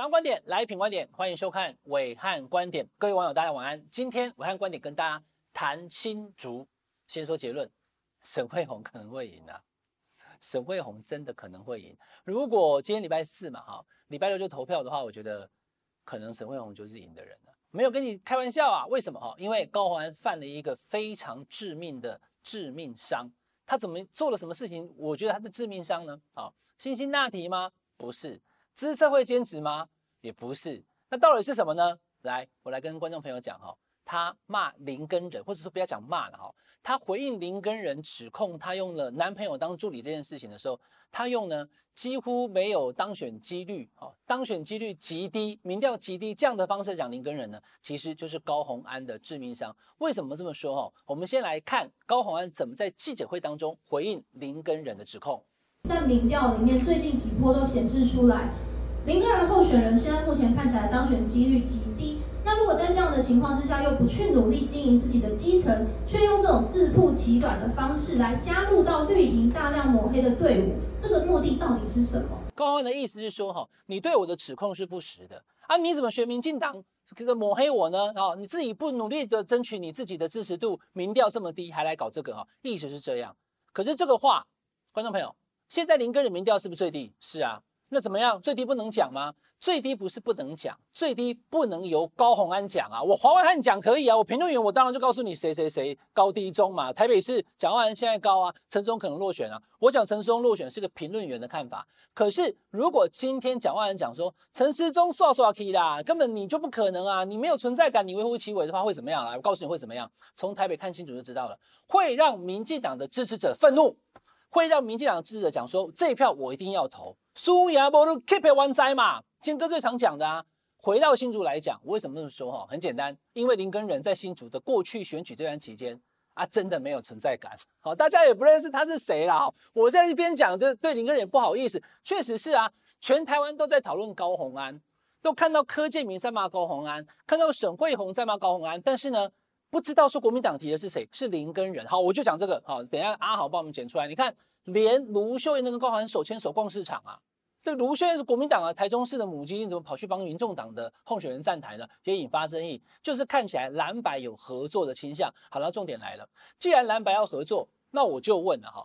兩觀點來品觀點，歡迎收看暐瀚觀點。各位網友，大家晚安。今天暐瀚觀點跟大家談新竹，先說結論，沈慧虹可能會贏啊。沈慧虹真的可能會贏。如果今天禮拜四嘛，哈，禮拜六就投票的話，我覺得可能沈慧虹就是贏的人了。沒有跟你開玩笑啊。為什麼？哈，因為高虹安犯了一個非常致命的致命傷。他怎麼做了什麼事情，我覺得他是致命傷呢？好、哦，辛辛那提嗎？不是，資策會兼職嗎？也不是，那到底是什麼呢？來，我來跟觀眾朋友講哈、哦，他罵林耕仁，或者說不要講罵了哈、哦，他回應林耕仁指控他用了男朋友當助理這件事情的時候，他用呢幾乎沒有當選幾率，哈、哦，當選幾率極低，民調極低這樣的方式講林耕仁呢，其實就是高虹安的致命傷。為什麼這麼說哈？我們先來看高虹安怎麼在記者會當中回應林耕仁的指控，那民調裡面最近幾波都顯示出來。林耕仁的候選人現在目前看起來當選幾率極低。那如果在這樣的情況之下，又不去努力經營自己的基層，卻用這種自曝其短的方式來加入到綠營大量抹黑的隊伍，這個目的到底是什麼？高虹安的意思是說，哈，你對我的指控是不實的啊？你怎麼學民進黨這個抹黑我呢？啊，你自己不努力的爭取你自己的支持度，民調這麼低，還來搞這個啊？意思是這樣。可是這個話，觀眾朋友，現在林耕仁民調是不是最低？是啊。那怎麼樣？最低不能講嗎？最低不是不能講，最低不能由高虹安講啊！我黃暐瀚講可以啊！我評論員我當然就告訴你誰誰誰高低中嘛。台北市蔣萬安現在高啊，陳時中可能落選啊。我講陳時中落選是個評論員的看法。可是如果今天蔣萬安講說陳時中輸輸去啦，根本你就不可能啊！你沒有存在感，你微乎其微的話會怎麼樣啊？我告訴你會怎麼樣，從台北看清楚就知道了。會讓民進黨的支持者憤怒，會讓民進黨的支持者講說這一票我一定要投。蘇雅波都 keep 住玩在嘛，金哥最常講的啊，回到新竹來講，我為什麼這麼說哈？很簡單，因為林耕仁在新竹的過去選舉這段期間啊，真的沒有存在感。好、哦，大家也不認識他是誰啦。我在一邊講，就對林耕仁也不好意思。確實是啊，全台灣都在討論高虹安，都看到柯建銘在罵高虹安，看到沈慧虹在罵高虹安，但是呢，不知道說國民黨提的是誰，是林耕仁。好，我就講這個。好，等下阿豪幫我們剪出來。你看，連盧秀燕都跟高虹安手牽手逛市場啊。這盧先生是國民黨啊，台中市的母雞怎麼跑去幫民眾黨的候選人站台呢？也引發爭議。就是看起來藍白有合作的傾向。好了，重點來了，既然藍白要合作，那我就問了哈，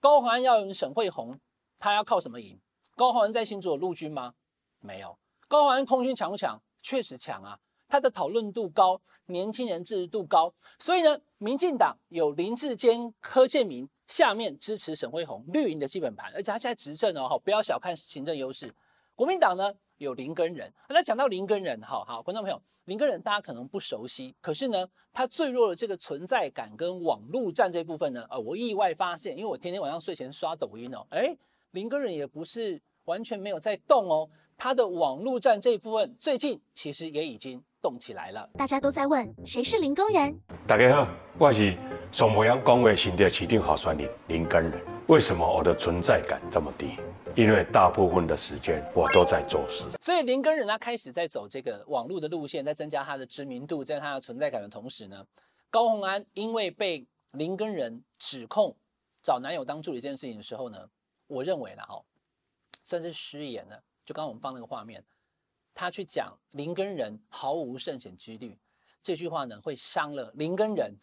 高虹安要用沈慧虹，他要靠什麼贏？高虹安在新竹有陸軍嗎？沒有。高虹安空軍強不強？確實強啊，他的討論度高，年輕人支持度高。所以呢，民進黨有林智堅、柯建銘。下面支持沈慧虹綠營的基本盤，而且他現在執政哦，不要小看行政優勢。國民黨呢，有林耕仁、啊，那講到林耕仁哈，好，觀眾朋友，林耕仁大家可能不熟悉，可是呢，他最弱的這個存在感跟網絡戰這部分呢，呃、啊，我意外發現，因為我天天晚上睡前刷抖音哦，哎、欸，林耕仁也不是完全沒有在動哦，他的網絡戰這一部分最近其實也已經。動起來了，大家都在問誰是林耕仁。大家好，我是雙胞樣工位新的市長候選人林耕仁。為什麼我的存在感這麼低？因為大部分的時間我都在做事。所以林耕仁他開始在走這個網絡的路線，在增加他的知名度，在他的存在感的同時呢，高虹安因為被林耕仁指控找男友當助理這件事情的時候呢，我認為呢哦，算是失言了。就剛剛我們放那個畫面。他去講林耕仁毫無勝選幾率，這句話呢會傷了林耕仁、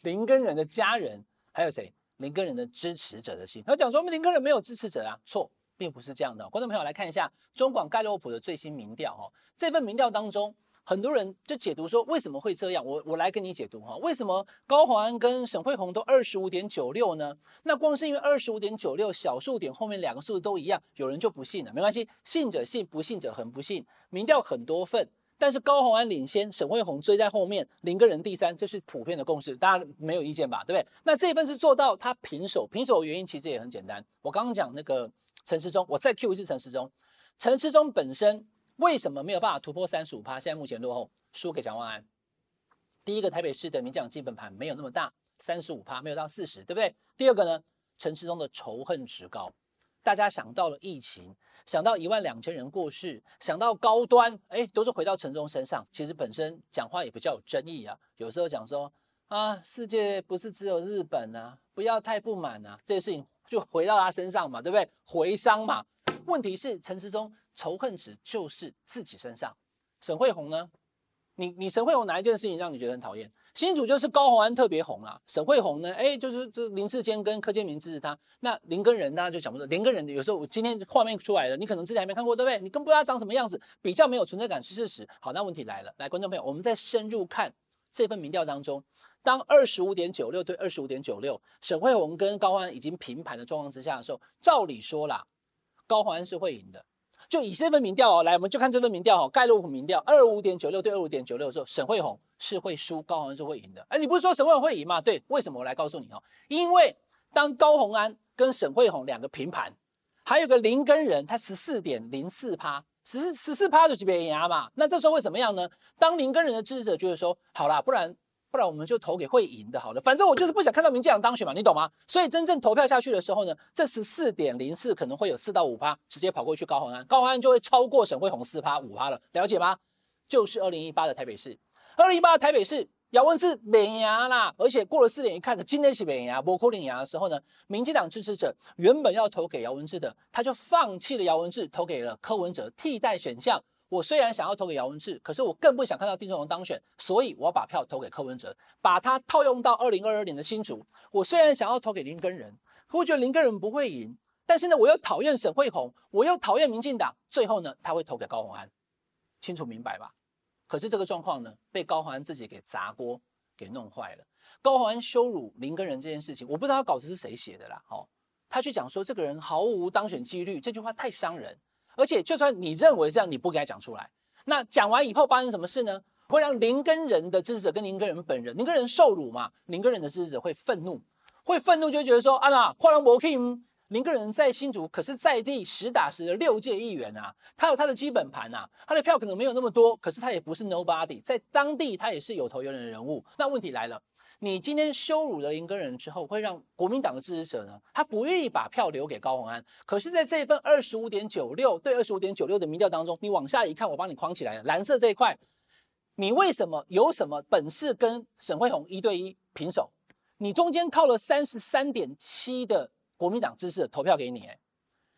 林耕仁的家人，還有誰？林耕仁的支持者的心。然後講說，我們林耕仁沒有支持者啊，錯，並不是這樣的哦。觀眾朋友來看一下中廣蓋洛普的最新民調哦，這份民調當中。很多人就解讀說為什麼會這樣？我我來跟你解讀哈，為什麼高虹安跟沈慧虹都二十五點九六呢？那光是因為二十五點九六小數點後面兩個數字都一樣，有人就不信了，沒關係，信者信，不信者恆不信。民調很多份，但是高虹安領先，沈慧虹追在後面，林耕仁第三，這是普遍的共識，大家沒有意見吧？對不對？那這一份是做到他平手，平手的原因其實也很簡單，我剛剛講那個陳時中，我再 Q 一次陳時中，陳時中本身。為什麼沒有辦法突破三十五趴？現在目前落後，輸給蔣萬安。第一個，台北市的民進黨基本盤沒有那麼大，三十五趴沒有到四十，對不對？第二個呢，陳時中的仇恨值高，大家想到了疫情，想到一萬兩千人過世，想到高端，誒、欸，都是回到陳忠身上。其實本身講話也比較有爭議啊，有時候講說啊，世界不是只有日本啊，不要太不滿啊，這些、個、事情就回到他身上嘛，對不對？回商嘛。問題是陳時中。仇恨值就是自己身上。沈慧虹呢？你你沈慧虹哪一件事情讓你覺得很討厭？新竹就是高虹安特別紅啊。沈慧虹呢？哎、欸，就是這林志堅跟柯建銘支持他。那林耕仁大家就講不到，林耕仁有時候我今天畫面出來了，你可能之前還沒看過，對不對？你更不知道他長什麼樣子，比較沒有存在感是事實。好，那問題來了，來，觀眾朋友，我們再深入看這份民調當中，當二十五點九六對二十五點九六，沈慧虹跟高虹安已經平排的狀況之下的時候，照理說啦，高虹安是會贏的。就以這份民調哦，來，我們就看這份民調哦，蓋洛普民調二五點九六對二五點九六的時候，沈慧虹是會輸，高虹安是會贏的。哎、欸，你不是說沈慧虹會贏嗎？對，為什麼？我來告訴你哦，因為當高虹安跟沈慧虹兩個平盤，還有個林耕仁他十四點零四趴，十四十四趴的級別碾壓嘛，那這時候會怎麼樣呢？當林耕仁的支持者就是說，好啦不然。不然我們就投給會贏的，好了，反正我就是不想看到民進黨當選嘛，你懂嗎？所以真正投票下去的時候呢，這十四點零四可能會有四到五趴直接跑過去高虹安。高虹安就會超過沈慧虹四趴五趴了，了解嗎？就是二零一八的台北市，二零一八台北市，姚文智免牙啦，而且過了四點一看的今天起免牙，我哭免牙的時候呢，民進黨支持者原本要投給姚文智的，他就放棄了姚文智，投給了柯文哲替代選項。我雖然想要投給姚文智，可是我更不想看到丁守中當選，所以我要把票投給柯文哲，把他套用到二零二二年的新竹。我雖然想要投給林耕仁，可我覺得林耕仁不會贏，但是呢，我又討厭沈慧虹，我又討厭民進黨，最後呢，他會投給高虹安，清楚明白吧？可是這個狀況呢，被高虹安自己給砸鍋給弄壞了。高虹安羞辱林耕仁這件事情，我不知道他稿子是誰寫的啦。哦，他去講說這個人毫無當選幾率，這句話太傷人。而且，就算你認為這樣，你不該講出來，那講完以後發生什麼事呢？會讓林耕仁的支持者跟林耕仁本人，林耕仁受辱嘛？林耕仁的支持者會憤怒，會憤怒就覺得說：“安、啊、娜，霍蘭博金，林耕仁在新竹，可是在地實打實的六屆議員啊，他有他的基本盤啊，他的票可能沒有那麼多，可是他也不是 nobody，在當地他也是有頭有臉的人物。”那問題來了。你今天羞辱了林耕仁之後，會讓國民黨的支持者呢，他不願意把票留給高虹安。可是，在這份二十五點九六對二十五點九六的民調當中，你往下一看，我幫你框起來了藍色這一塊，你為什麼有什麼本事跟沈慧虹一對一平手？你中間靠了三十三點七的國民黨支持者投票給你，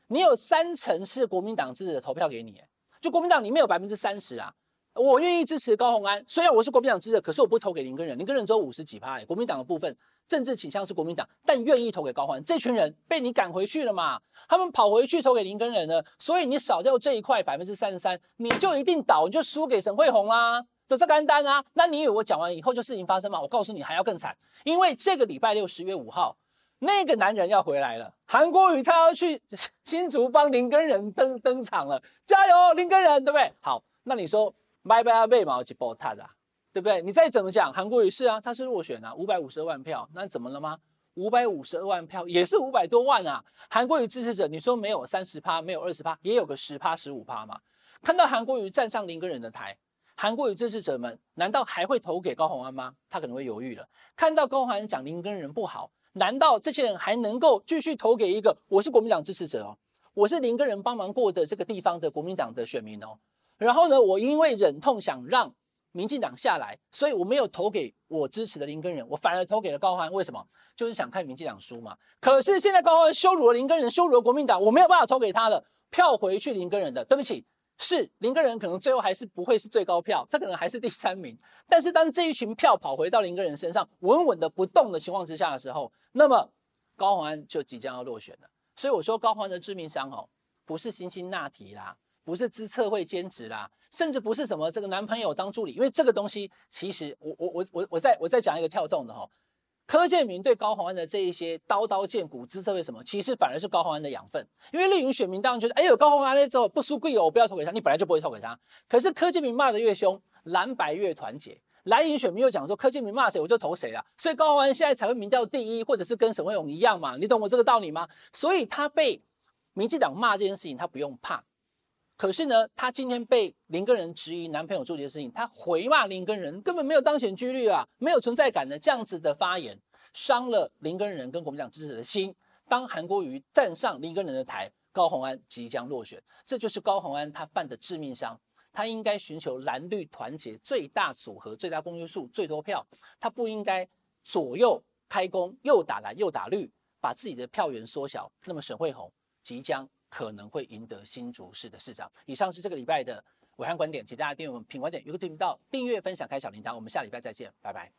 你有三成是國民黨支持者投票給你，就國民黨你沒有百分之三十啊。我願意支持高虹安，雖然我是國民黨支持，可是我不投給林耕仁。林耕仁只有五十幾趴，欸，國民黨的部分政治傾向是國民黨，但願意投給高虹安。這群人被你趕回去了嘛？他們跑回去投給林耕仁了，所以你少掉這一塊百分之三十三，你就一定倒，你就輸給沈慧虹啦，就是簡單啊。那你以為我講完以後就事情發生嗎？我告訴你，還要更慘，因為這個禮拜六十月五號，那個男人要回來了，韓國瑜，他要去新竹幫林耕仁登登場了，加油林耕仁，對不對？好，那你說。拜拜阿貝嘛，我去報他的對不對？你再怎麼講，韓國瑜是啊，他是落選啊，五百五十二萬票，那怎麼了嗎？五百五十二萬票也是五百多萬啊。韓國瑜支持者，你說沒有三十趴，沒有二十趴，也有個十趴、十五趴嘛。看到韓國瑜站上林耕仁的台，韓國瑜支持者們難道還會投給高虹安嗎？他可能會猶豫了。看到高虹安講林耕仁不好，難道這些人還能夠繼續投給一個，我是國民黨支持者哦，我是林耕仁幫忙過的這個地方的國民黨的選民哦？然後呢，我因為忍痛想讓民進黨下來，所以我沒有投給我支持的林耕仁，我反而投給了高虹安。為什麼？就是想看民進黨輸嘛。可是現在高虹安羞辱了林耕仁，羞辱了國民黨，我沒有辦法投給他了。票回去林耕仁的，對不起，是林耕仁可能最後還是不會是最高票，他可能還是第三名。但是當這一群票跑回到林耕仁身上，穩穩的不動的情況之下的時候，那麼高虹安就即將要落選了。所以我說高虹安的致命傷哦，不是辛辛那提啦。不是支策會兼職啦，甚至不是什麼這個男朋友當助理，因為這個東西其實我我我我我再我再講一個跳動的哈，柯建明，對高虹安的這一些刀刀劍骨資策為什麼，其實反而是高虹安的養分，因為立營選民當然覺得哎喲、欸、高虹安那之候不輸貴友，我不要投給他，你本來就不會投給他。可是柯建明罵的越兇，藍白越團結，藍營選民又講說，柯建明罵誰我就投誰啦。」所以高虹安現在才會民調第一，或者是跟沈惠勇一樣嘛，你懂我這個道理嗎？所以他被民進黨罵這件事情，他不用怕。可是呢，他今天被林耕仁質疑男朋友做這些事情，他回罵林耕仁根本沒有當選幾率啊，沒有存在感的這樣子的發言，傷了林耕仁跟國民黨支持的心。當韓國瑜站上林耕仁的台，高虹安即將落選，這就是高虹安他犯的致命傷。他應該尋求藍綠團結，最大組合，最大公約數，最多票。他不應該左右開弓，又打藍又打綠，把自己的票源縮小。那麼沈慧虹即將。可能會贏得新竹市的市長。以上是這個禮拜的暐瀚觀點，請大家訂閱我們品觀點 YouTube 頻道，訂閱、分享、開小鈴鐺。我們下禮拜再見，拜拜。